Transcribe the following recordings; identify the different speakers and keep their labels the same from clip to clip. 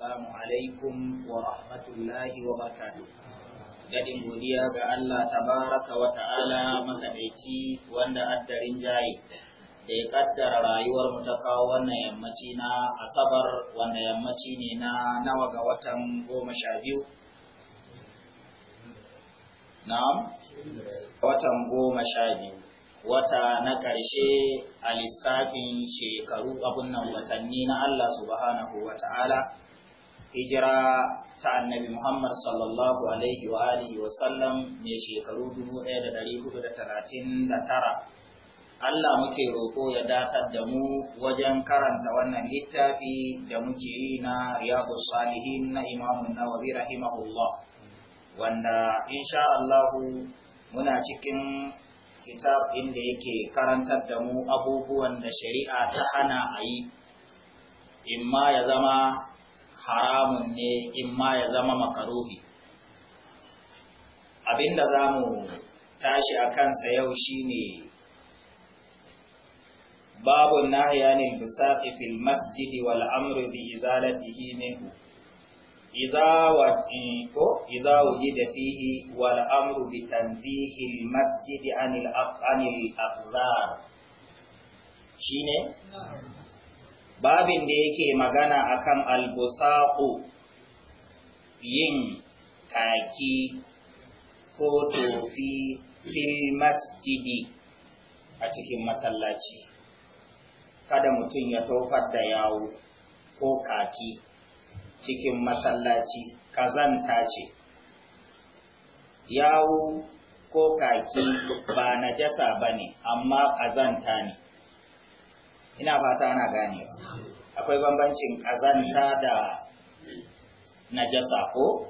Speaker 1: Assalamu alaikum wa rahmatullahi wa Gadin godiya ga Allah tabaraka wa ta'ala makadaici wanda addarin jayi. da ya kaddara rayuwar mu ta kawo wannan yammaci na Asabar wanda yammaci ne na nawa ga watan goma sha biyu. Na'am? Watan goma wata na ƙarshe a lissafin shekaru abun nan watanni na Allah subhanahu wa ta'ala hijira ta annabi Muhammad sallallahu alaihi wa alihi wa sallam ne shekaru 1439 Allah muke roƙo ya datar da mu wajen karanta wannan littafi da muke yi na Riyadu Salihin na Imamun Nawawi rahimahullah wanda insha allahu muna cikin kitab inda yake karantar da mu abubuwan da shari'a ta hana a yi imma ya zama haramun ne in ma ya zama makaruhi abinda za mu tashi a kansa yau shine babu nahiyanil bisaqi fil masjidi wal amru bi izalatihi minhu idza ko fihi wal amru bi tanzihil masjidi anil anil shi shine babin da yake magana akan albusaku yin kaki ko tofi fil masjidi a cikin masallaci kada mutum ya tofar da yawo ko kaki cikin masallaci kazanta ce yawo ko kaki ba najasa ba ne amma kazanta ne ina fata ana ganewa akwai bambancin ƙazanta da najasa ko?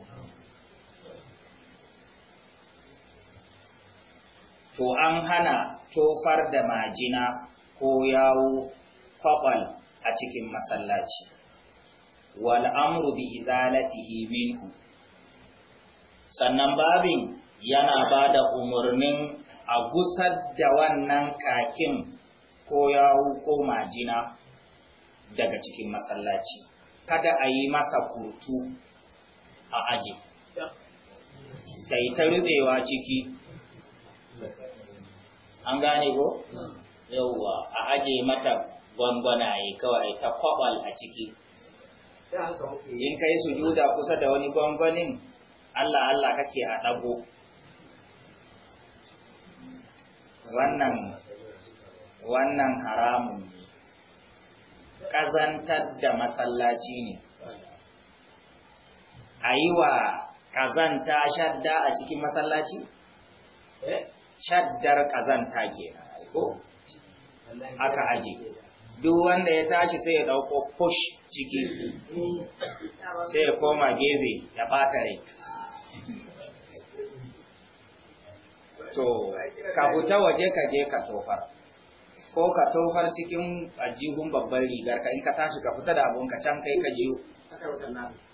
Speaker 1: To an hana tofar da majina ko yawo kwakwal a cikin masallaci, wal amru bi izalatihi minhu. Sannan babin yana ba da umarnin a gusar da wannan kakin ko yawo ko majina daga cikin masallaci kada a yi masa kurtu a aji da ita rubewa ciki an gane ko yauwa a aje mata gwangwanaye kawai ta kwabal a ciki in kai sujuda kusa da wani gwangwanin Allah Allah kake a dago wannan wannan haramun ne ƙazantar da masallaci ne a yi wa ƙazanta shadda a cikin masallaci? Eh? shaddar ƙazanta ke aka aji duk wanda ya tashi sai ya ɗauko push ciki sai ya koma gefe ya ɓata to ka fita waje ka je ka tofar ko ka tofar cikin ajihun babban rigar ka in ka tashi ka fita da abun ka can kai ka je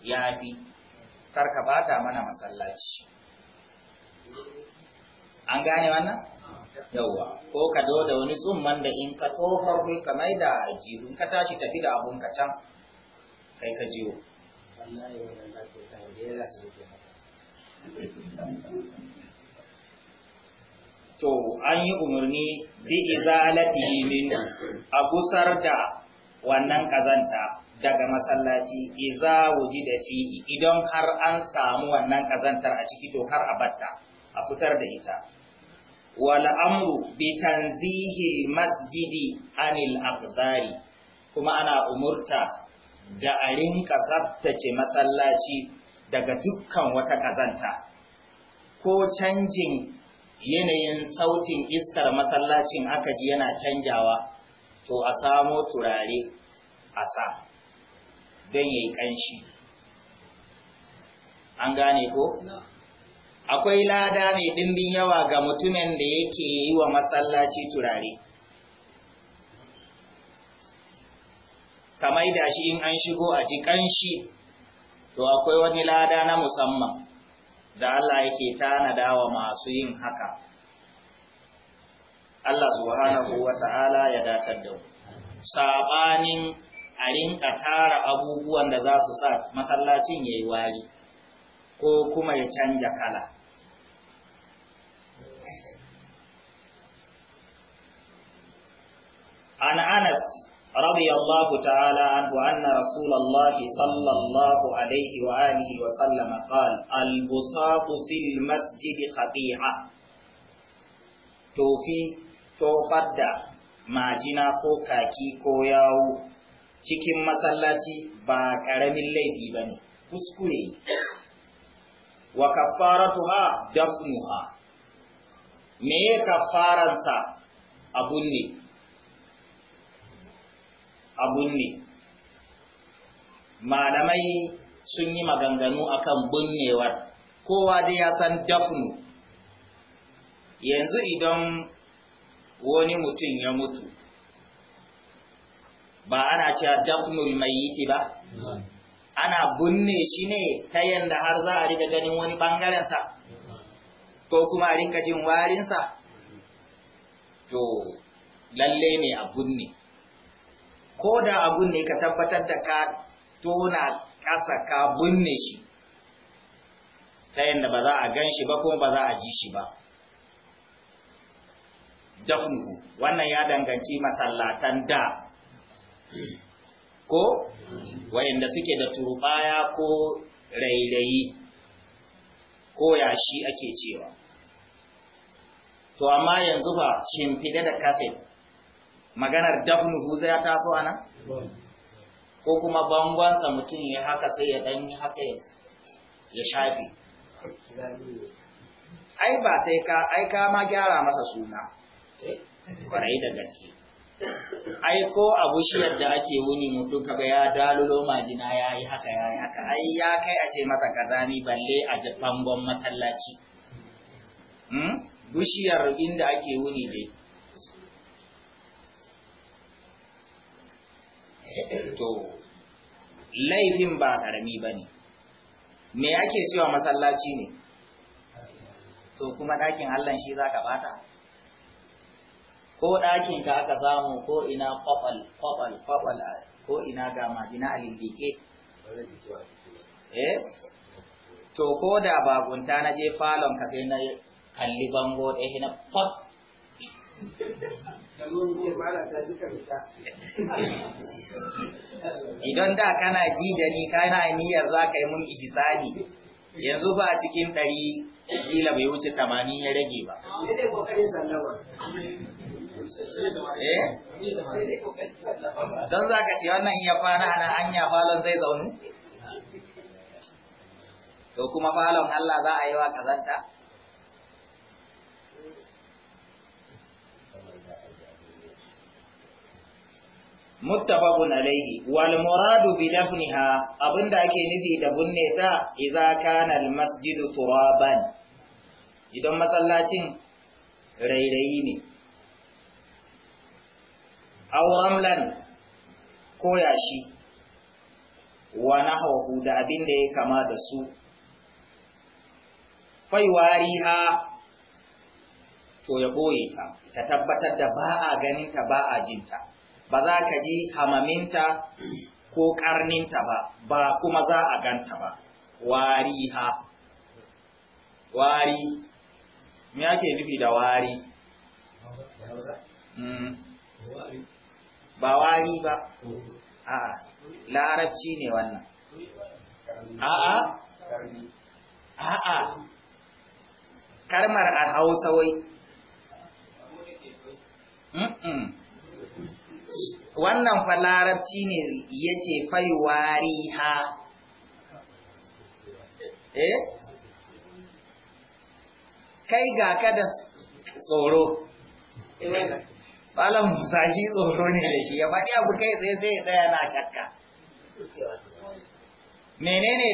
Speaker 1: ya fi kar ka bata mana masallaci an gane wannan yauwa ko ka zo da wani tsumman da in ka tofar kai ka mai da ajihun ka tashi tafi da abun ka can kai ka jiwo to an yi umarni bi izalati min a gusar da wannan kazanta daga masallaci iza da fi idan har an samu wannan kazantar a ciki to kar a batta a fitar da ita wal amru bi tanzihil masjidi anil aqdari kuma ana umurta da a rinka tsaftace masallaci daga dukkan wata kazanta ko canjin yanayin sautin iskar masallacin aka ji yana canjawa to a samo turare a sa don ya yi ƙanshi an gane ko? akwai lada mai ɗimbin yawa ga mutumin da yake yi wa masallaci turare kamai da shi in an shigo a ji ƙanshi to akwai wani lada na musamman da Allah yake tanada wa masu yin haka
Speaker 2: Allah subhanahu
Speaker 1: wata'ala ya datar da sabanin a rinka tara abubuwan da za su sa masallacin yayi wari ko kuma ya canja kala an anas رضي الله تعالى عنه أن رسول الله صلى الله عليه وآله وسلم قال البساط في المسجد خطيئة توفي توفد majina ko kaki ko yawu, cikin masallaci ba ƙaramin laifi ba ne kuskure wa kaffaratuha dafnuha me ya kaffaransa abun ne abun ne malamai sun yi maganganu akan bunnewar kowa dai ya san dafnu yanzu idan wani mutum ya mutu ba ana cewa dafnul mayiti ba ana bunne shi ne ta yanda har za a riga ganin wani bangarensa ko kuma a rinka jin warinsa to lalle ne a bunne ko da abun ne ka tabbatar da ka tona ƙasa ka binne shi ta yadda ba za a gan shi ba ko ba za a ji shi ba dafnuhu wannan ya danganci masallatan da ko wayanda suke da turbaya ko rairayi ko yashi ake cewa to amma yanzu ba shimfide da kafin maganar dafnuhu zai ya taso ana ko kuma bangonsa mutum ya haka sai ya danyi haka ya shafi ai ba sai ka ai ka ma gyara masa suna kwarai da gaske ai ko a bushiyar da ake wuni mutum kaga ya dalilo majina ya yi haka ya yi haka ai ya kai a ce masa kazani balle a bangon masallaci hmm? bushiyar inda ake wuni dai to laifin ba karami ba ne me ake cewa masallaci ne to kuma ɗakin allah shi za ka bata ko ɗakin ka aka samu ko ina kwakwal kwakwal kwakwal ko ina ga majina a lillike eh to ko da bagunta na je falon ka sai na kalli bango ɗaya na fat Idan da kana ji da ni kana niyyar za ka yi mun ihisani yanzu ba a cikin ɗari kila bai wuce tamanin ya rage ba. Eh? Don za ka ce wannan iya kwana ana hanya falon zai zaunu? To kuma falon Allah za a yi wa kazanta? muttafaqun alayhi wal muradu bi dafniha abinda ake nufi da bunne ta idza kana al masjidu turaban idan masallacin rairayi ne aw ramlan ko yashi wa nahwahu da abinda ya kama da su faiwariha to ya boye ta ta tabbatar da ba a ganin ta ba a jinta ba za ka ji hamaminta ko karninta ba ba kuma za a ganta ba wari ha wari me ake nufi da wari hmm. ba wari ba a larabci ne wannan a'a a'a karmar a hausa wai wannan fa larabci ne ce, faiwari ha eh kai ga ka da tsoro Malam musashi shi tsoro ne da shi ya faɗi abu kai tsaye sai tsaye na shakka. Menene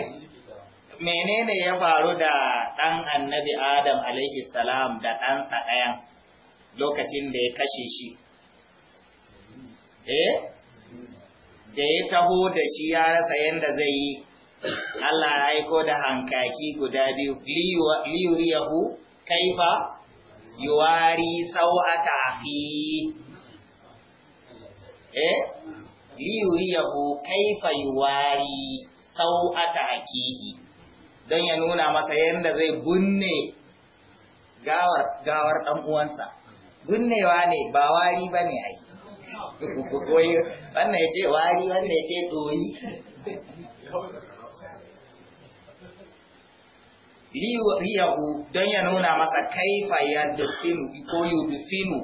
Speaker 1: menene ya faru da ɗan annabi Adam alaihi salam da ɗansa ɗayan lokacin da ya kashe shi. eh da ya taho da shi ya rasa yadda zai yi Allah ya aiko da hankaki guda biyu liyuriyahu kaifa yuwari sau'ata fi eh liyuriyahu kaifa yuwari sau'ata akihi don ya nuna masa yadda zai gunne gawar gawar dan uwansa gunnewa ne ba wari bane ai koyi wannan ya ce wari wannan ya ce doyi riyahu don ya nuna masa kaifa ya dufinu ko yi dufinu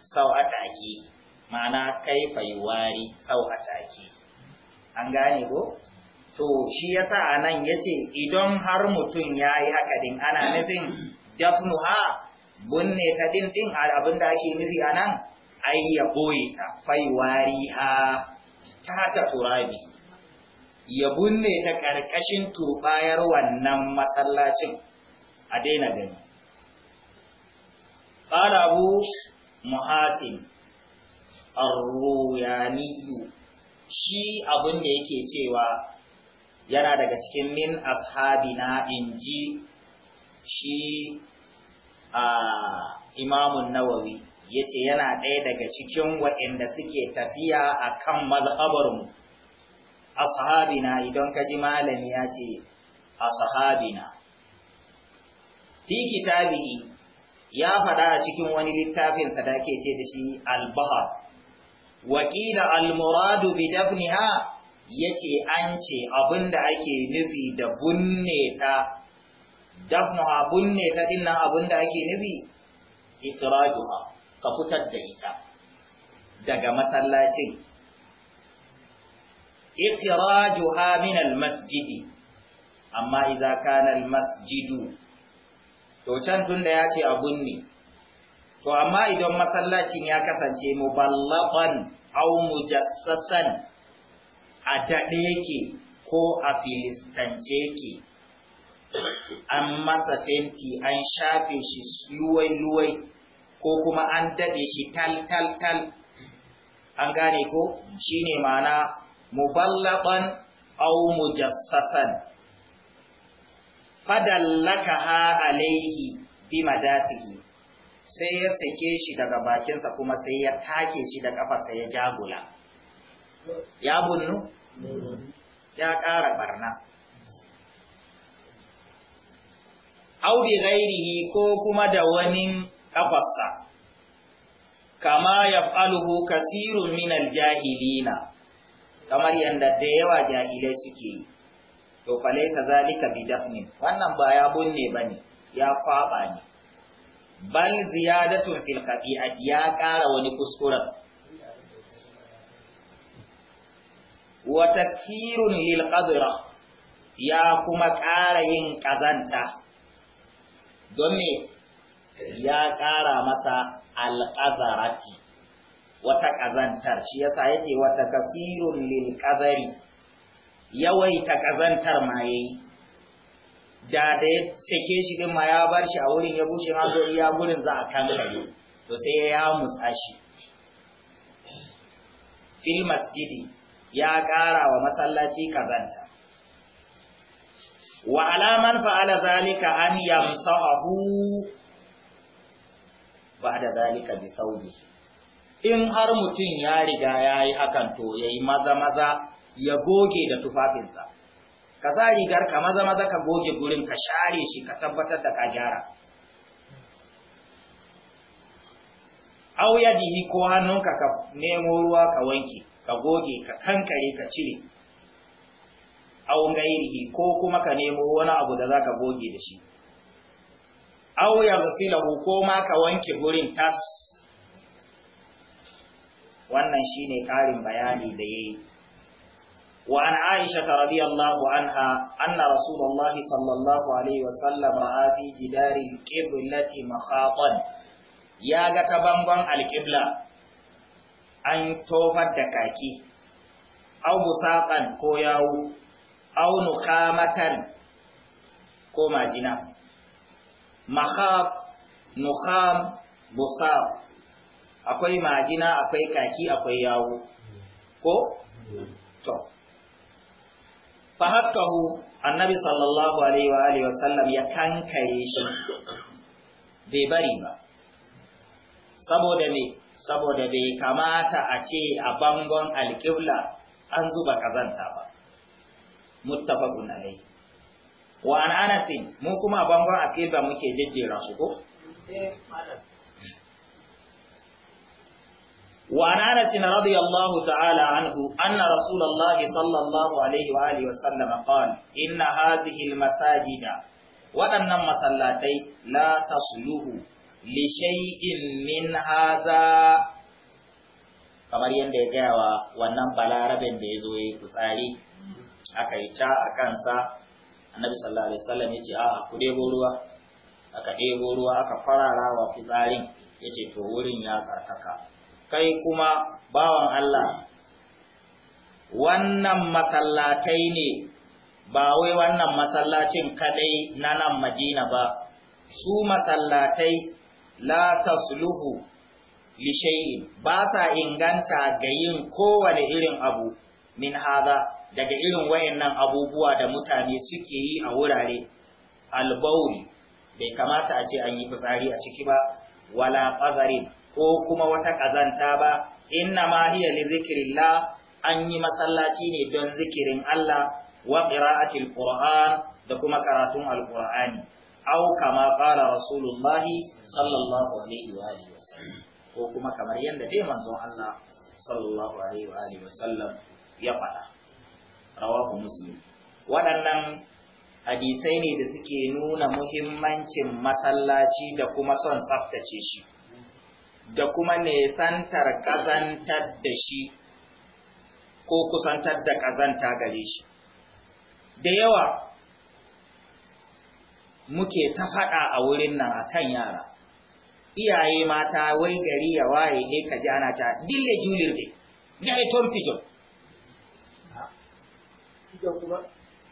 Speaker 1: sau a taki ma'ana kaifa yi wari sau a taki an gane ko to shi ya sa a nan ya ce idan har mutum ya yi haka din ana nufin dafnu ha bunne ta din din abinda ake nufi a nan ai ya boye ta faiwari ha ta ta turabi ya bunne ta ƙarƙashin turbayar wannan masallacin a daina gani ƙala abu muhatim arroyaniyu shi abin da yake cewa yana daga cikin min ashabina in ji shi a imamun nawawi yace yana ɗaya daga cikin waɗanda suke tafiya a kan mazhabarmu a idan ka ji malami ya ce a fi kitabi ya faɗa a cikin wani littafin da ke ce da shi albahar wakila almuradu bi dafniha yace an ce abinda ake nufi da bunne ta dafnuha bunne ta dinnan abinda ake nufi ikrajuha ka fitar da ita daga masallacin iqrajuha min masjidi amma idza kana almasjidu to can tunda ya ce abun ne to amma idan masallacin ya kasance muballaban aw mujassasan a daɗe yake ko a filistance yake an masa fenti an shafe shi luwai-luwai ko kuma an daɗe shi tal tal tal an gane ko shine ma'ana muballaban aw mujassasan ha alaihi bi madatihi sai ya sake shi daga bakinsa kuma sai ya take shi da kafarsa ya jagula ya bunnu ya ƙara barna bi ghairihi ko kuma da wani takwasa, kama yaf'aluhu kasirun minal jahilina kamar yadda da yawa jahilai suke yi to falaita zalika bi dafnin wannan ba ya bunne ne, ya kwaba ne bal ziyadatun fil qati'ati ya ƙara wani kuskuren wa takfirun lil ya kuma ƙara yin kazanta don me ya ƙara masa alƙazarati wata ƙazantar shi yasa yake wata kasirun lil ƙazari yawaita ƙazantar ma yayi da da ya sake shi din ma ya bar shi a wurin ya bushe ma zo iya gurin za a kankare to sai ya mutsa shi fil masjidi ya ƙara wa masallaci kazanta wa alaman fa'ala zalika an yamsahu ba da zalika bi saubi in har mutum ya riga ya yi hakan to ya yi maza-maza ya goge da tufafinsa ka sa rigar ka maza-maza ka goge gurin ka share shi ka tabbatar da ka gyara auyadihi ko hannunka ka nemo ruwa ka wanke ka goge ka kankare ka cire aun gairihi ko kuma ka nemo wani abu da za ka goge da shi aw yaghsilahu ko ma ka wanke gurin tas wannan shine karin bayani da yayi wa an aisha radiyallahu anha anna rasulullah sallallahu alaihi Sallam, ra'a fi jidari alqiblati makhatan ya ga ta bangon alqibla an tofar da kaki au musaqan ko yawo aw nukamatan ko majina mahab nukham busab akwai majina akwai kaki akwai yawo ko to fahakahu annabi sallallahu alaihi wa sallam wasallam ya kankare shi bai bari ba saboda me saboda bai kamata a ce a bangon alƙibla an zuba kazanta ba muttafaqun alaihi wa an mu kuma bangon akilba muke jejjera su ko an انس رضي الله ta'ala عنه ان رسول sallallahu alaihi الله wa واله qala Inna hadhihi هذه المساجد waɗannan masallatai la tasluhu li shay'in min hadha kamar yadda ya gaya wa wannan balarabin da ya zo ya yi fitsari aka yi ca a kansa annabi sallallahu alaihi wasallam ya ce a'a ku ɗebo ruwa aka ɗebo ruwa aka farara wa fitsarin ya ce to wurin ya karkaka kai kuma bawan Allah wannan masallatai ne ba wai wannan masallacin kadai na nan madina ba su masallatai la tasluhu li ba sa inganta ga yin kowane irin abu min haza daga irin wayannan abubuwa da mutane suke yi a wurare albauri bai kamata a ce an yi fitsari a ciki ba wala qazarin ko kuma wata ƙazanta ba inna ma hiya li zikrillah an yi masallaci ne don zikirin Allah wa qira'atil qur'an da kuma karatun alqur'ani aw kama qala rasulullah sallallahu alaihi wa alihi wasallam ko kuma kamar yadda dai manzon Allah sallallahu alaihi wa alihi wasallam ya faɗa rawahu muslim waɗannan hadisai ne da suke nuna muhimmancin masallaci da kuma son tsaftace shi da kuma nesantar ƙazantar da shi ko kusantar da ƙazanta gare shi da yawa muke ta faɗa a wurin nan akan yara iyaye mata wai gari ya waye ne ka jana ta dille julir ya yi tom pigeon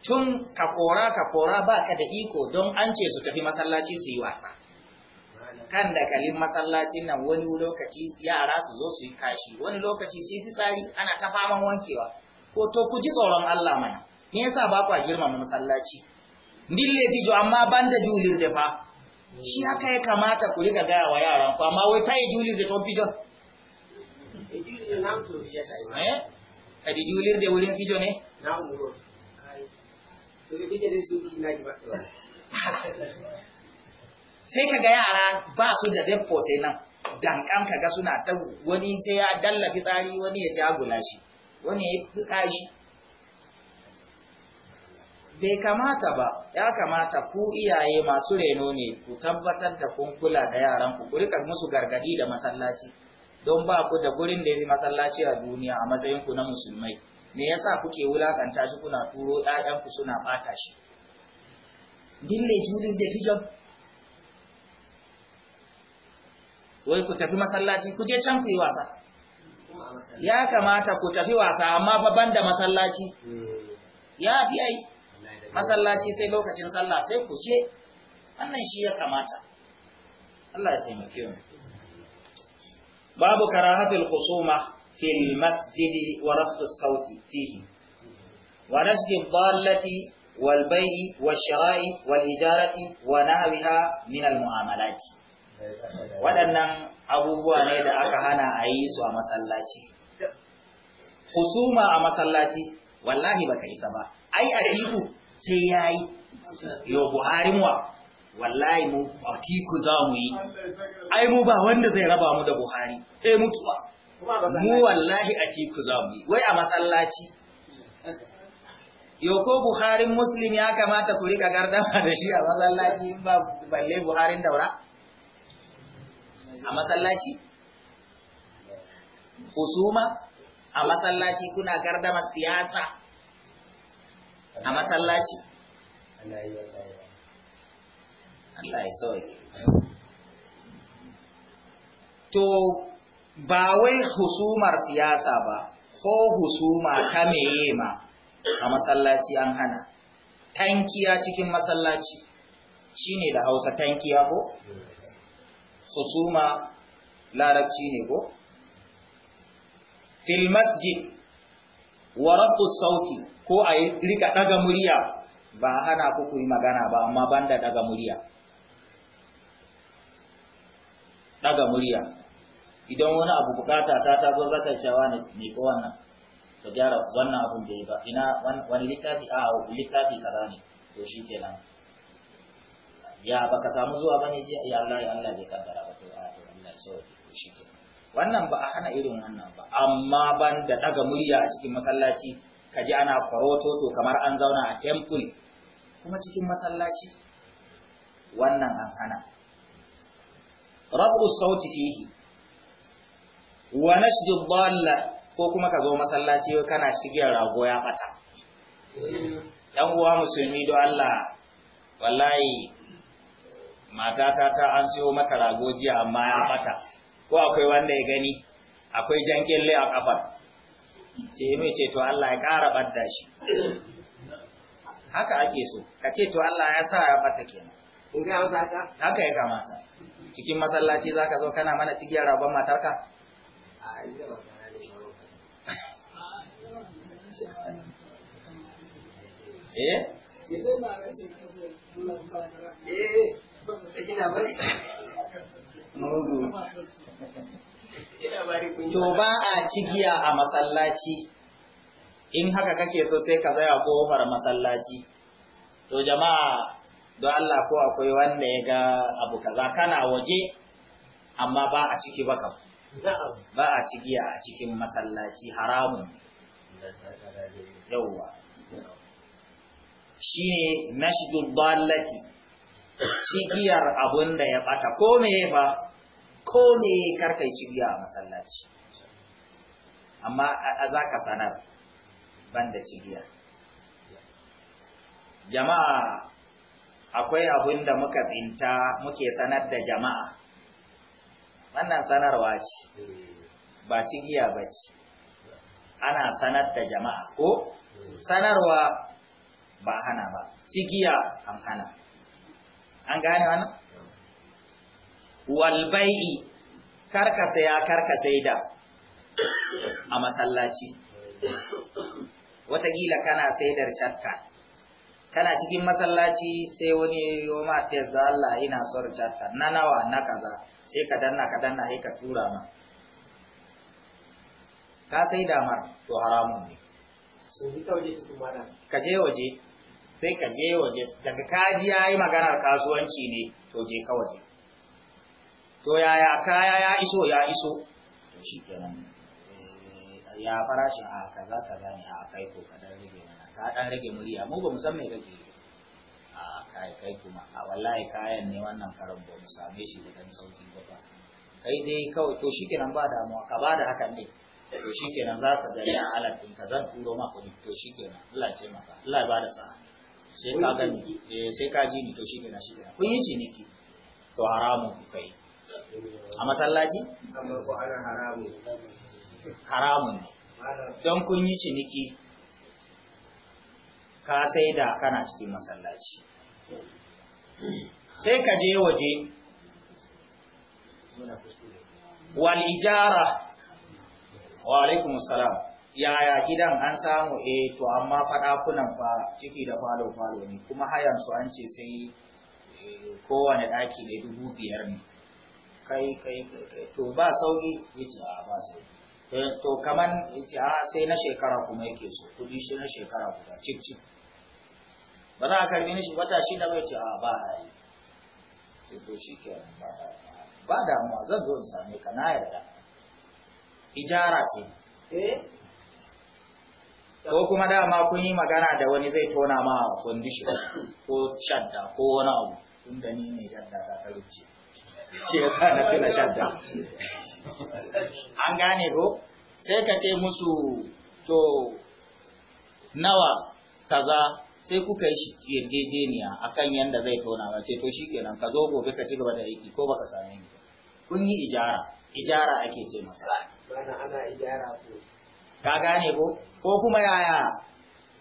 Speaker 1: tun ka kora ka ba ka da iko don an ce su tafi masallaci su yi wasa kan da kalin masallacin nan wani lokaci yara su zo su yi kashi wani lokaci su fi fitsari ana ta faman wankewa ko to ku ji tsoron Allah mana me yasa ba kwa girmama masallaci bille fijo amma banda julir da fa shi haka ya kamata ku riga gayawa wa yaran ku amma wai fai julir da to fijo eh, eh
Speaker 2: kadi julir da wurin fijo ne
Speaker 1: na ba sai kaga yara ba su da deppo sai nan dankan kaga suna ta wani sai ya dalla fitsari wani ya jagula shi wani ya fika bai kamata ba ya kamata ku iyaye masu reno ne ku tabbatar da kun kula da yaran ku ku rika musu gargadi da masallaci don ba ku da gurin da yafi masallaci a duniya a matsayin ku na musulmai me yasa kuke wulakanta shi kuna turo ku suna bata shi dille julin da fijon wai ku tafi masallaci ku je can ku yi wasa ya kamata ku tafi wasa amma fa banda masallaci ya fi ai masallaci sai lokacin sallah sai ku je wannan shi ya kamata Allah ya taimake mu babu karahatul khusuma في المسجد ورفض الصوت فيه ونشد الضالة والبيع والشراء والإجارة ونحوها من المعاملات waɗannan abubuwa ne da aka hana a yi su a masallaci husuma a masallaci wallahi ba ka isa ba ai a tiku sai ya yi yo buhari muwa wallahi mu a tiku za mu yi ai mu ba wanda zai raba mu da buhari sai mutuwa mu wallahi a kiku za mu yi wai a matsalaci yoko buharin muslim ya kamata ku rika gardama da shi a matsalaci in ba balle buharin daura a matsalaci husuma a matsalaci kuna gardama siyasa
Speaker 2: a matsalaci
Speaker 1: Allah ya sauri. To, ba wai husumar siyasa ba ko husuma ta meye ma a masallaci an hana tankiya cikin masallaci ne da hausa tankiya ko husuma larabci ne ko fil masjid wa rabu sauti ko a rika daga murya ba hana ku ku yi magana ba amma banda daga murya daga murya idan wani abu bukata ta ta zo zaka cewa ne ne ko wannan to gyara wannan abun da ba ina wani littafi a littafi kaza ne to kenan ya baka samu zuwa bane ji ya Allah ya Allah bai kaddara ba to a to Allah ya sauke to kenan wannan ba a hana irin wannan ba amma ban da daga murya a cikin masallaci kaji ana kwaroto to kamar an zauna a temple kuma cikin masallaci wannan an hana rafu sauti fihi wa nashdi dalla ko kuma ka zo masallaci kana shigiyar rago ya fata dan uwa musulmi do Allah wallahi matata ta an siyo mata rago jiya amma ya fata, ko akwai wanda ya gani akwai jan kelle a kafar ce mai ce to Allah ya ƙara badda shi haka ake so ka ce to Allah ya sa ya bata kenan in ga haka haka ya kamata cikin masallaci zaka zo kana mana tigiyar rabon matarka Eh? Eh, to ba a cigiya a masallaci in haka kake so sai ka a kofar masallaci to jama'a don Allah ko akwai wanda ya ga abu kaza kana waje amma ba a ciki ba kam ba a cigiya a cikin masallaci haramun yauwa shine nashdud dallati cigiyar abun da ya bata ko me ba ko me karkai cigiya a masallaci amma a za ka sanar banda cigiya jama'a akwai abun da muka tsinta muke sanar da jama'a wannan sanarwa ce ba cigiya ba ce ana sanar da jama'a ko sanarwa ba hana ba cikiya an hana an gane wannan wal bai'i karka saya karka saida a masallaci watakila kana saidar chatka kana cikin masallaci sai wani ma ta da Allah ina son chatka na nawa na kaza sai ka danna ka danna sai ka tura ma ka sai damar to haramun ne ka je waje sai ka je waje daga kaji ya yi maganar kasuwanci ne to je ka waje to yaya kaya ya iso ya iso to shi kenan eh, ya farashin a ah, kaza kaza ne a ah, kai ko ka dan rage mana ka dan rage murya mu ba mu san me kake a ah, kai kai kuma a wallahi kayan ne wannan karon ba mu same shi da dan sauki ba ba kai dai kawai to shi ba damuwa ka ba da hakan ne to shi za ka ga ya alat ka zan turo maka to shi Allah ya taimaka Allah ya ba da sa'a sai ka gani eh, sai ka ji ni to shi kenan shi kenan kun yi ciniki to haramun ku kai a masallaci haramun ne don kun yi ciniki ka sai da kana cikin masallaci sai ka je waje wal ijara wa alaikumussalam yaya gidan an samu eh to amma faɗakunan fa ciki da falo-falo ne kuma hayansu an ce sai eh, kowane ɗaki ne dubu biyar ne kai kai kai to ba sauki ya ce a ba sauki eh, to kaman ya ce a sai na shekara kuma yake so kudi shi na shekara guda cik cik ba za a karbi shi wata shi da bai ce a ba a yi ce to shi ke ba ba damuwa zan zo in same ka na yarda ijara ce eh ko kuma dama kun yi magana da wani zai tona ma condition ko shadda ko wani abu tun da ni ne shadda ta ta ce ya sa na tuna shadda an gane ko sai ka ce musu to nawa kaza sai kuka yi yarjejeniya a kan yadda zai tona ba ce to nan ka zo gobe ka ci gaba da aiki ko baka same ni kun yi ijara ijara ake ce masa na ana ijara ko ka gane ko ko kuma yaya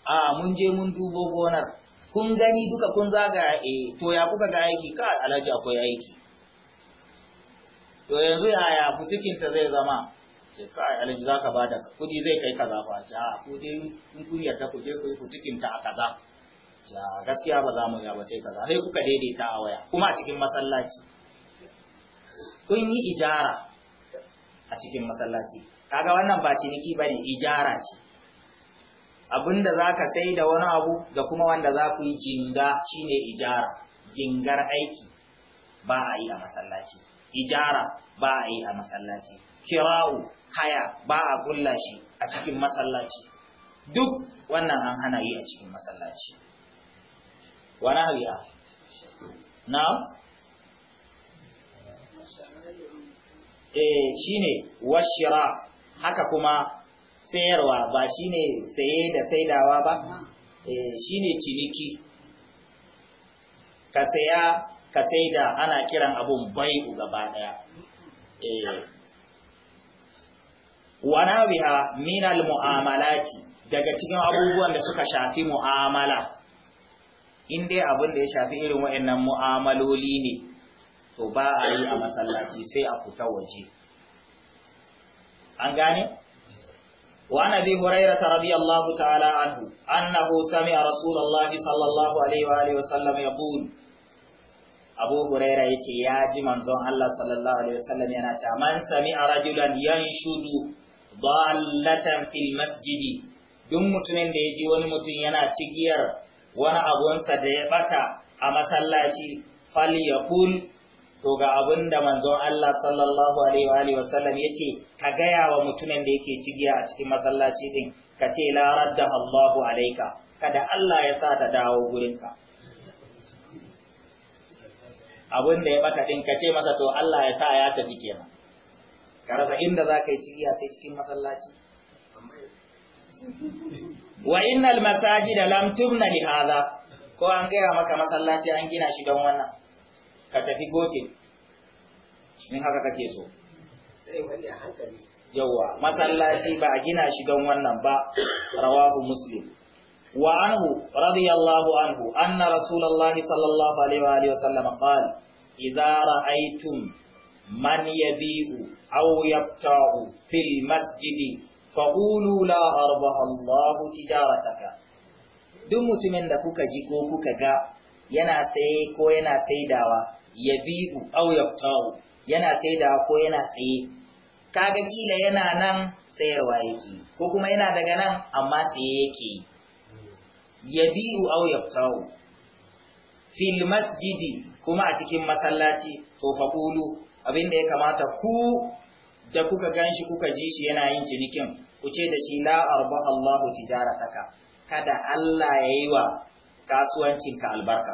Speaker 1: a mun je mun dubo gonar kun gani duka kun zaga e eh, to ya kuka ga aiki ka alhaji akwai aiki to yanzu yaya fitikinta zai zama ce ka alhaji za ka bada kudi zai kai kaza fa ce a kudi in kun yarda ku je ku yi fitikinta a kaza ce a gaskiya ba za mu ya ba sai kaza sai kuka daidaita a waya kuma a cikin masallaci kun yi ijara a cikin masallaci kaga wannan ba ciniki bane ijara ce abinda za ka sai da wani abu da kuma wanda za ku yi jinga shine ijara jingar aiki ba a yi a masallaci ijara ba a yi a masallaci kira'u haya ba a kulla shi a cikin masallaci duk wannan an hana yi a cikin masallaci wani hawiya na eh shine washira haka kuma sayarwa ba shine saye da saidawa ba eh, shine ciniki ka saya ka saida ana kiran abun bai gaba daya eh. wanawiha minal mu'amalati daga cikin abubuwan da suka shafi mu'amala in dai abin da ya shafi irin wa'annan mu'amaloli ne to ba a yi a masallaci sai a fita waje an gane وعن أبي هريرة رضي الله تعالى عنه أنه سمع رسول الله صلى الله عليه وآله وسلم يقول أبو هريرة يتياج من زون الله صلى الله عليه وسلم يناتى من سمع رجلا ينشد ضالة في المسجد دم متمن دي يجي ونمتن ينا تجير وانا أبوانسا دي بطا أما صلى فليقول to ga abin da manzon Allah sallallahu alaihi wa sallam yace ka gaya wa mutumin da yake cigiya a cikin masallaci din ka ce la radda Allahu alaika kada Allah ya sa ta dawo gurinka abin da ya baka din ka ce masa to Allah ya sa ya tafi kenan ka rasa inda za ka yi cigiya sai cikin masallaci wa innal masajida lam tumna li hadha ko an gaya maka masallaci an gina shi don wannan ka tafi gotin in haka kake so yawa masallaci ba a gina shi don wannan ba rawahu muslim wa anhu radiyallahu anhu anna rasulullahi sallallahu alaihi wa sallam qala idza ra'aytum man yabi'u aw yabta'u fil masjidi faqulu la arbaha Allah tijarataka duk mutumin da kuka ji ko kuka ga yana sai ko yana saidawa yabi'u aw yaqta'u yana saida ko yana tsaye kaga kila yana nan sayarwa yake ko kuma yana daga nan amma tsaye yake yabi'u aw yaqta'u fil masjidi kuma a cikin masallaci to faqulu abinda ya kamata ku da kuka ganshi kuka ji shi yana yin cinikin ku ce da shi la arba Allahu tijarataka kada Allah yayi wa kasuwancinka albarka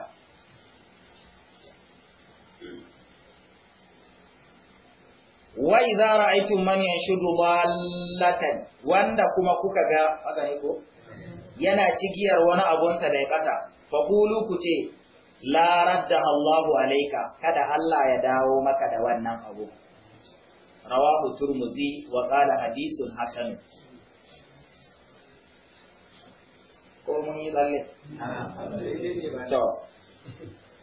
Speaker 1: wa idza ra'aytum man yanshudu dallatan wanda kuma kuka ga haka ko yana cigiyar wani abun ta da ya bata fa qulu ku ce la radda Allahu alayka kada Allah ya dawo maka da wannan abu rawahu turmuzi wa qala hadithun hasan ko mun yi dalle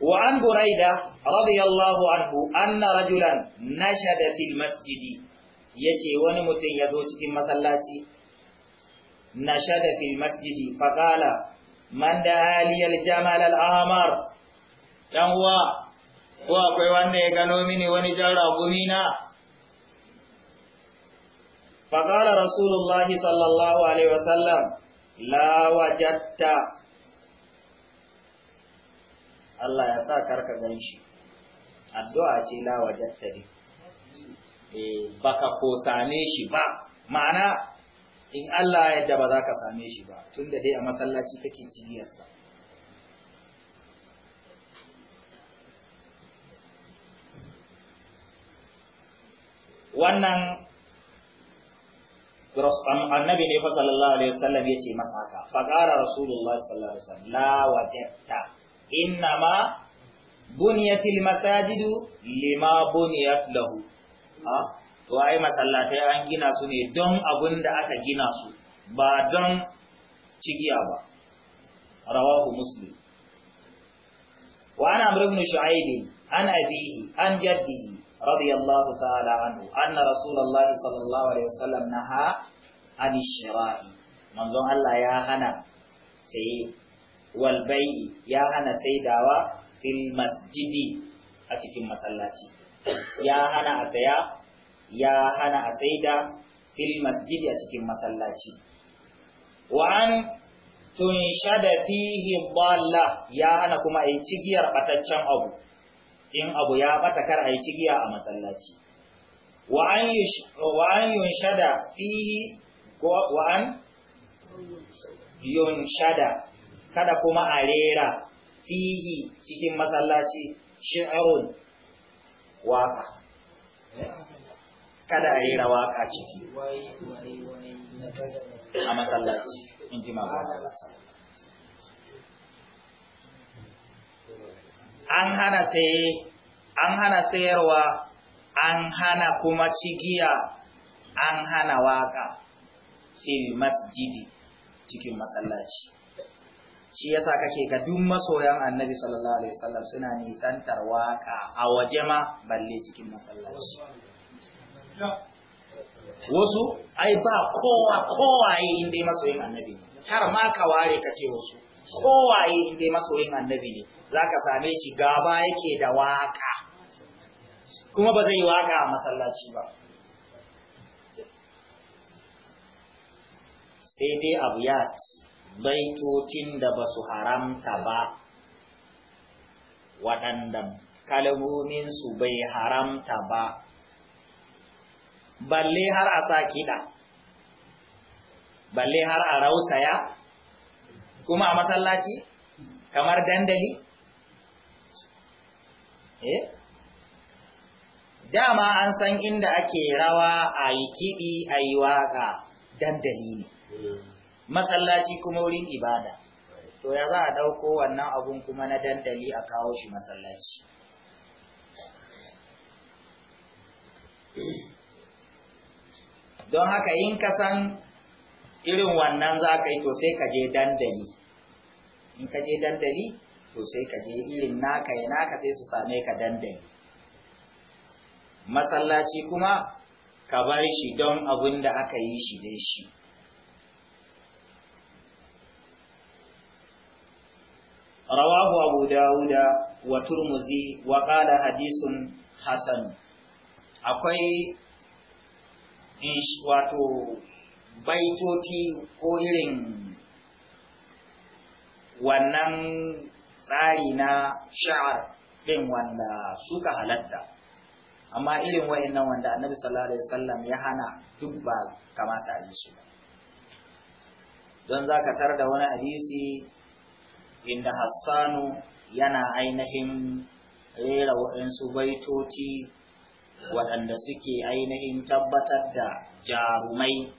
Speaker 1: وعن بريدة رضي الله عنه أن رجلا نشد في المسجد يجي ونمت يذوج في مسلاتي نشد في المسجد فقال من دعا لي الجمال الأحمر ينوى وأقوى أن يقنوا مني ونجر أقومينا فقال رسول الله صلى الله عليه وسلم لا وجدت Allah ya sa karka gan shi addu'a ce la wajattari eh baka ko same shi ba ma'ana in Allah yadda ba za ka same shi ba tunda dai a masallaci kake cigiyarsa wannan annabi ne fa sallallahu alaihi wasallam yace masa masaka. fa qala rasulullahi sallallahu alaihi wasallam la jatta. innama buniyatil masajidu lima buniyat lahu ha to ai masallatai an gina su ne don abin da aka gina su ba don cigiya ba rawahu muslim wa ana amr ibn shu'aib an abihi an jaddihi radiyallahu ta'ala anhu anna rasulullahi sallallahu alaihi wasallam naha an shira'i manzon Allah ya hana sai wal bai'i ya hana saidawa fil masjidi a cikin masallaci ya hana a saya ya hana a saida fil masjidi a cikin masallaci wa an tunshada fihi dalla ya hana kuma ayi cigiyar bataccen abu in abu ya bata kar ayi cigiya a masallaci wa an wa an yunshada fihi wa an yunshada kada kuma a rera fihi cikin masallaci shi'arun waka kada a rera waka ciki a masallaci in ji an hana saye an hana sayarwa an hana kuma cigiya an hana waka fil masjidi cikin masallaci shi yasa kake ga duk masoyan annabi sallallahu alaihi wasallam suna nisantar waka a waje ma balle cikin masallaci wasu ai ba kowa kowaye inda masoyin annabi ne har ma ka ware ka ce wasu kowaye inda masoyin annabi ne zaka same shi gaba yake da waka kuma ba zai waka a masallaci ba sai dai abu ci baitocin da ba su haramta ba waɗanda kalmominsu bai haramta ba balle har a sa kiɗa balle har a rausaya kuma a masallaci kamar dandali eh dama an san inda ake rawa a yi kiɗi a yi waƙa dandali ne masallaci kuma wurin ibada to ya za a ɗauko wannan abun kuma na dandali a kawo shi masallaci don haka in ka san irin wannan za ka yi to sai ka je dandali in ka je dandali to sai ka je irin naka ya naka sai su same ka dandali masallaci kuma ka bar shi don abin da aka yi shi dai shi رواه abu داود wa turmuzi wa حسن hadisun hasan akwai wato baitoti ko irin wannan tsari na sha'ar ɗin wanda suka halatta amma irin wa'annan wanda annabi sallallahu alaihi wasallam ya hana duk ba kamata a yi su don za ka tar da wani hadisi inda hassanu yana ainihin rera waɗansu baitoci waɗanda suke ainihin tabbatar da jarumai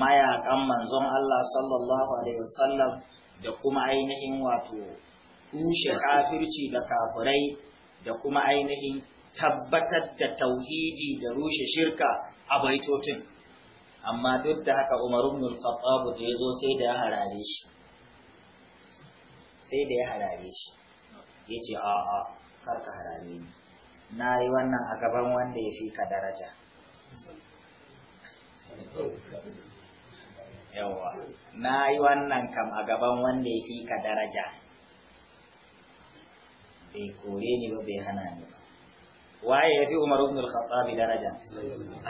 Speaker 1: mayakan manzon Allah sallallahu Alaihi wasallam da kuma ainihin wato kushe kafirci da kafirai da kuma ainihin tabbatar da tauhidi da rushe shirka a baitotin amma duk da haka umarun nulfaɓaɓu da ya zo sai da ya harare shi sai da ya harare shi ya ce a'a kar ka harare ni na yi wannan a gaban wanda ya fi ka daraja yawa na yi wannan kam a gaban wanda ya fi ka daraja bai kore ni ba bai hana ni ba waye ya fi umaru ibn al-khattab daraja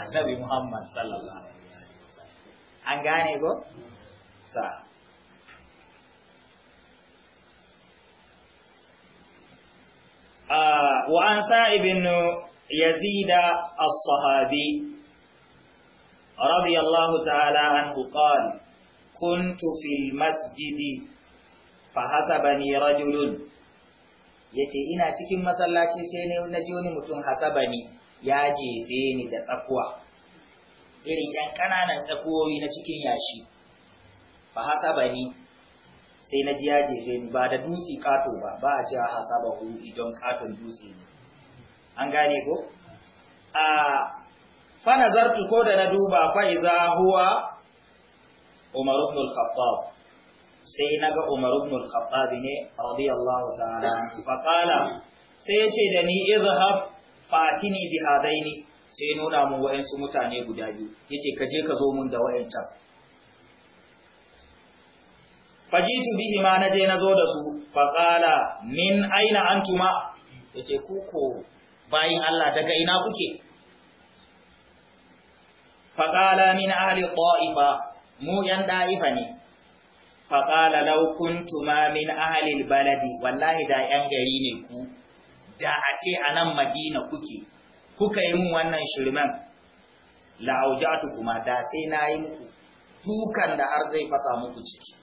Speaker 1: annabi muhammad sallallahu alaihi wasallam an gane ko ta wa an sa'ib ibn yazid as-sahabi radiyallahu ta'ala anhu qala kuntu fil masjidi fahasabani rajulun yace ina cikin masallaci sai ne na ji wani mutum hasabani ya jefe ni da tsakuwa irin yan kananan tsakuwoyi na cikin yashi fahasabani sai na ji ya jefe ni ba da dutsi kato ba ba a cewa hasabahu idan katon dutse ne an gane ko a fa nazartu ko da na duba fa iza huwa umar ibn al-khattab sai naga umar ibn al-khattab ne radiyallahu ta'ala fa qala sai yace da ni izhab fatini bi hadaini sai nuna mu wayansu mutane guda biyu yace ka je ka zo mun da wayancan fajitu bihi ma na na zo da su faƙala min aina antuma ya kuko bayin Allah daga ina kuke faƙala min ahli ta'ifa mu ‘yan ɗa'ifa ne faƙala kuntuma min ahli baladi wallahi da ‘yan gari ne ku da a ce a nan madina kuke kuka yi mun wannan shirman la'aujatu kuma da sai na yi muku dukan da har zai fasa muku ciki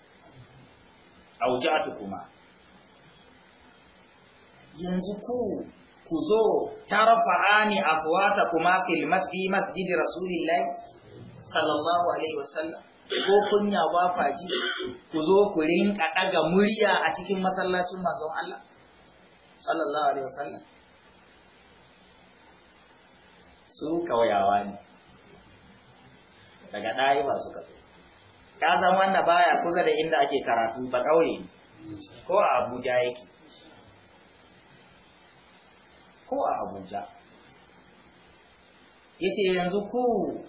Speaker 1: kuma yanzu ku ku zo tarfa'ani kuma fil masjid masjid rasulillahi sallallahu alaihi wasallam ko kunya ba faji ku zo ku rinka daga murya a cikin masallacin manzon Allah sallallahu alaihi wasallam su kawayawa ne daga ɗaya ba su kafa ka san wanda baya kusa da inda ake karatu ba ƙauye ko a abuja yake ko a abuja yace yanzu ku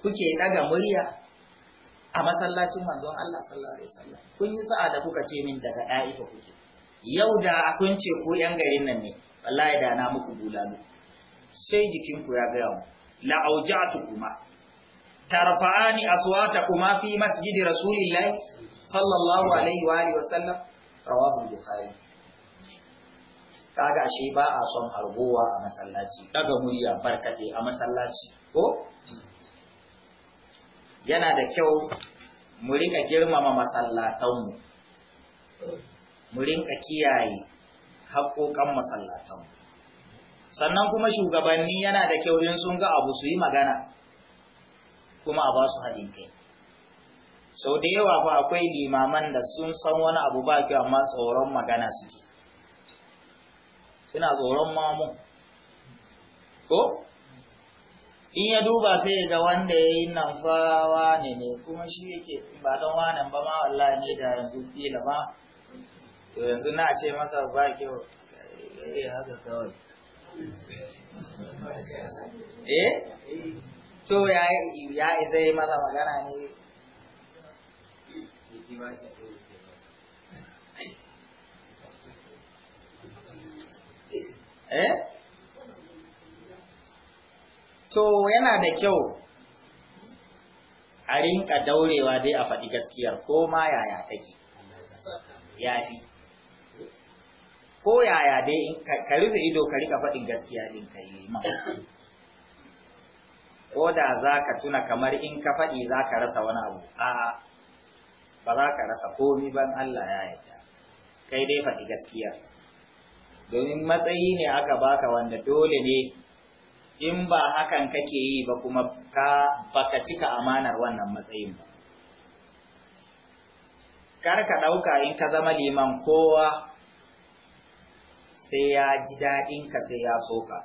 Speaker 1: kuke daga murya a masallacin manzon Allah sallallahu alaihi wasallam kun yi sa'a da kuka ce min daga da'ifa kuke yau da kun ce ko yan garin nan ne wallahi da na muku bulalu sai jikin ku ya ga yau la aujatu kuma tarfa'ani aswatakuma fi masjidi rasulillahi sallallahu alaihi wa alihi wasallam rawahu bukhari kaga shi ba a son harbowa a masallaci daga murya barkate a masallaci ko yana da kyau mu rika girmama masallatanmu mu rinka kiyaye haƙoƙan masallatanmu sannan kuma shugabanni yana da kyau in sun ga abu su yi magana kuma a ba su haɗin kai sau da yawa fa akwai limaman da sun san wani abu ba kyau amma tsoron magana suke suna tsoron mamu ko in ya duba sai ga wanda ya yi nan fa wane ne kuma shi yake ba don wanan ba ma wallahi ne da yanzu fila ba to yanzu na ce masa ba kyau eh haka kawai eh so ya ya zai masa magana ne eh to yana da kyau a rinka daurewa dai a faɗi gaskiyar ko ma yaya take ya fi ko yaya dai ka rufe ido ka rika faɗin gaskiya ɗin ka yi ma ko da za ka tuna kamar in ka faɗi za ka rasa wani abu a ba za ka rasa komi ban Allah ya yarda kai dai faɗi gaskiya. domin matsayi ne aka baka wanda dole ne in ba hakan kake yi ba kuma ka baka cika amanar wannan matsayin ba kar ka ɗauka in ka zama liman kowa sai ya ji daɗinka sai ya soka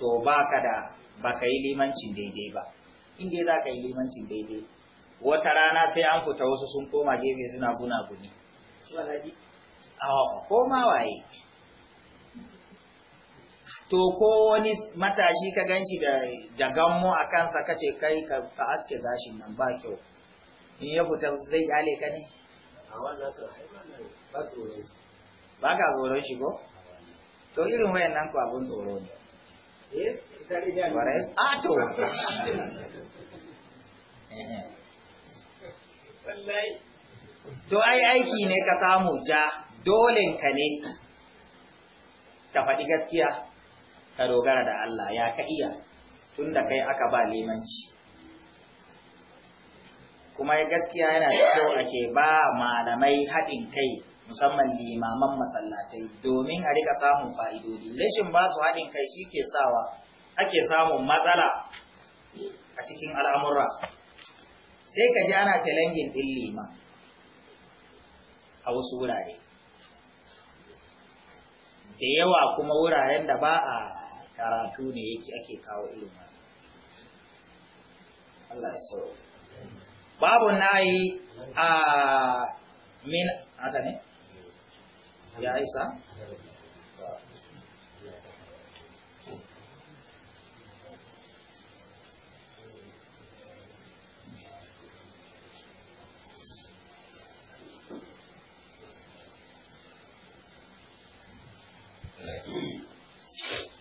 Speaker 1: to ba ka da ba ka yi limancin daidai ba inda za ka yi limancin daidai wata rana sai an fita wasu sun koma gefe suna guna guni ko ma waye to ko wani matashi ka ganshi da da gammo a kansa kace kai ka aske gashin nan ba kyau in ya fita zai kyale ka ne ba ka tsoron shi ko to irin wayannan ku abin tsoro ne eh? ato ah, to ai aiki ne ka samu ja ka ne ka faɗi gaskiya ka dogara da Allah ya ka iya tun da kai aka ba limanci kuma gaskiya yana da kyau ake ba malamai haɗin kai musamman limaman masallatai domin a rika samun fa'idodi rashin ba su haɗin kai shi ke sawa ake samun matsala a cikin al'amurra sai ka ji ana challenging ɗin liman a wasu wurare da yawa kuma wuraren da ba a karatu ne yake ake kawo ilimin Allah ya sauro babu na yi a min haka ne ya isa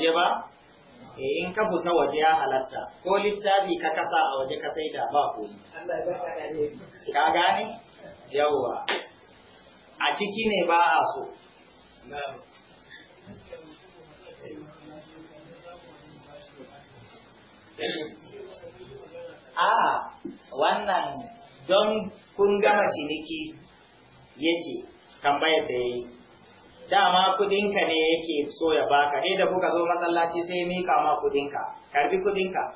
Speaker 1: waje ba e in ka fita waje ya halatta ko littafi ka kasa a waje ka sai da ba ku. ka gane yawwa a ciki ne ba a so a wannan don kun gama ciniki yake tambayar da ya yi dama kudinka ne yake so ya baka eh da kuka zo masallaci sai mika ma kudinka karbi kudinka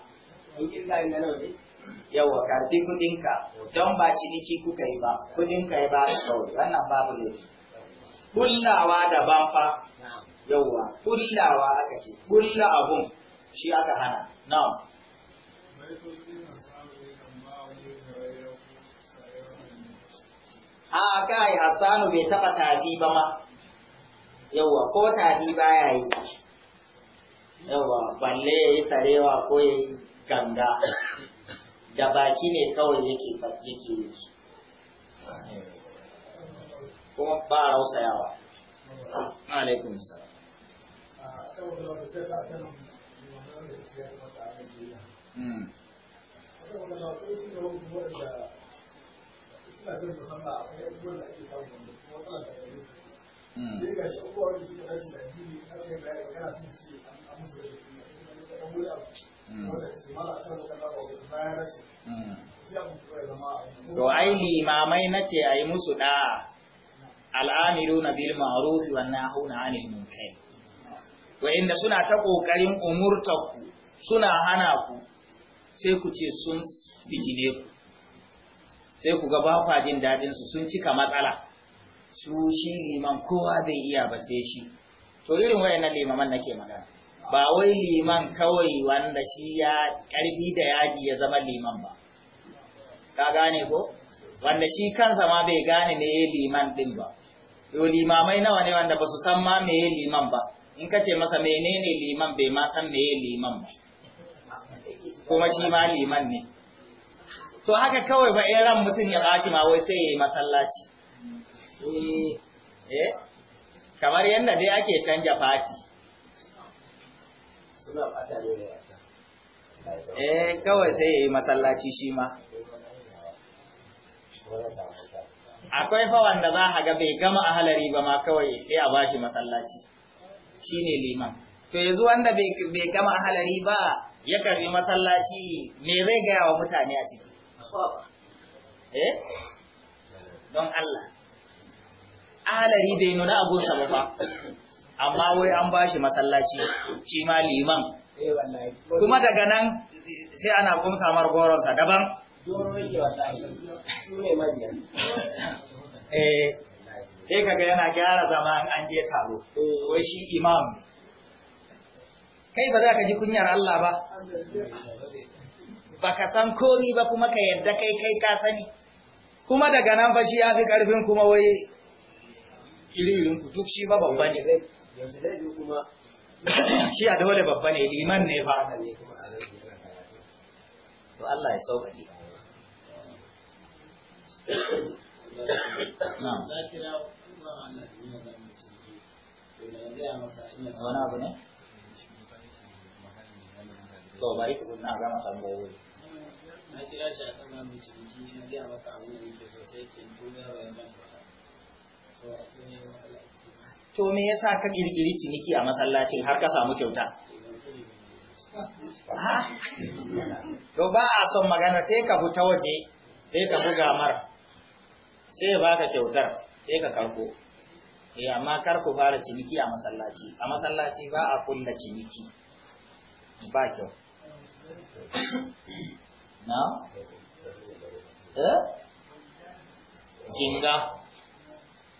Speaker 1: yawa karbi kudinka don ba ciniki kuka yi ba kudinka ya ba da kawai wannan babu ne kullawa da banfa yawa kullawa aka ce kulla abun shi aka hana na'am a kai hassanu bai taba tafi ba ma Yauwa ko tari baya yi Yauwa balle ya yi sarewa ko ya yi ganga da baki ne kawai yake yake yi kuma ba yawa. alaikum salam Mm. yi hmm. hmm. hmm. musu da ce to ai limamai nace ayi musu da'a al'amiruna bil ma'ruf nahuna 'anil munkar suna ta kokarin ku suna hana ku sai ku ce sun fitine ku sai ku ga ba jin dadin su sun cika matsala su shi liman kowa bai iya ba sai shi to irin wayannan limaman nake magana ba wai liman kawai wanda shi ya karbi da yaji ya zama liman ba ka gane ko wanda shi kansa ma bai gane me liman din ba to limamai nawa ne wanda ba su san ma me liman ba in ka ce masa menene liman bai ma san me liman ba kuma shi ma liman ne to haka kawai ba in ran mutum ya ɓaci ma wai sai ya yi masallaci Eh, eh kamar yadda dai ake canja fati suna fata ne eh kawai sai ya yi masallaci shi ma akwai fa wanda za a ga bai gama ahalari ba ma kawai sai a bashi masallaci shine liman to yanzu wanda bai gama ahalari ba ya karbi masallaci me zai gaya wa mutane a ciki eh don Allah alari bai nuna sa ba fa amma wai an ba shi masallaci shi ma liman eh, kuma daga nan sai ana kumsa samar goronsa daban eh, sai kaga yana gyara zama an je taro eh. wai shi imam
Speaker 2: kai ba za ka ji kunyar Allah ba
Speaker 1: baka san komi ba kuma ka yadda kai kai ka sani kuma daga nan fa shi ya fi karfin kuma wai iri-irin ku duk shi ba babba ne shi a dole babba ne liman ne ba to Allah ya sauƙaƙe wani abu ne? to bari na gama tambayoyi na kira shi a kan ciniki na gaya masa da sosai ke duniya bayan to me yasa ka kirkiri ciniki a masallacin har ka samu kyauta to ba a son magana sai ka buta waje sai ka buga mar sai ba ka kyautar sai ka karko eh amma kar ku fara ciniki a masallaci a masallaci ba a kulla ciniki ba kyau na eh jinga